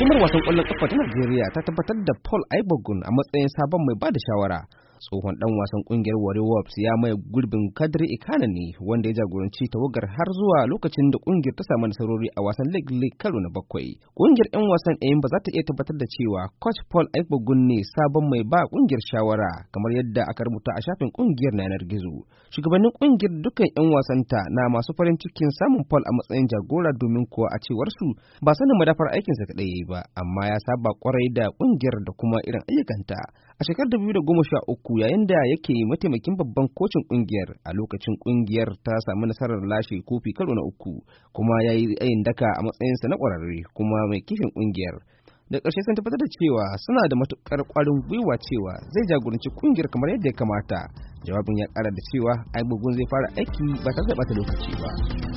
hukumar wasan kwallon kafa ta Najeriya ta tabbatar da Paul Aibogun a matsayin sabon mai ba da shawara tsohon dan wasan kungiyar Wari Wolves ya mai gurbin Kadri Ikanani ne wanda ya jagoranci tawagar har zuwa lokacin da kungiyar ta samu nasarori a wasan League League karo na bakwai. Kungiyar 'yan wasan ɗayan ba za ta iya tabbatar da cewa coach Paul Aikbogun ne sabon mai ba kungiyar shawara kamar yadda aka rubuta a shafin kungiyar na yanar gizo. Shugabannin kungiyar dukkan 'yan wasanta na masu farin cikin samun Paul a matsayin jagora domin kuwa a cewar su ba sanin madafar aikinsa kaɗai ba amma ya saba kwarai da kungiyar da kuma irin ayyukanta. A shekarar 2013 yayin da yake mataimakin babban kocin kungiyar a lokacin kungiyar ta samu nasarar lashe kofi karo na uku kuma ya yi ayin daka a matsayinsa na kwararre kuma mai kishin kungiyar. Da ƙarshe sun tabbatar da cewa suna da matuƙar ƙwarin gwiwa cewa zai jagoranci kungiyar kamar yadda ya kamata. Jawabin ya ƙara da cewa bugun zai fara aiki ba tare da ɓata lokaci ba.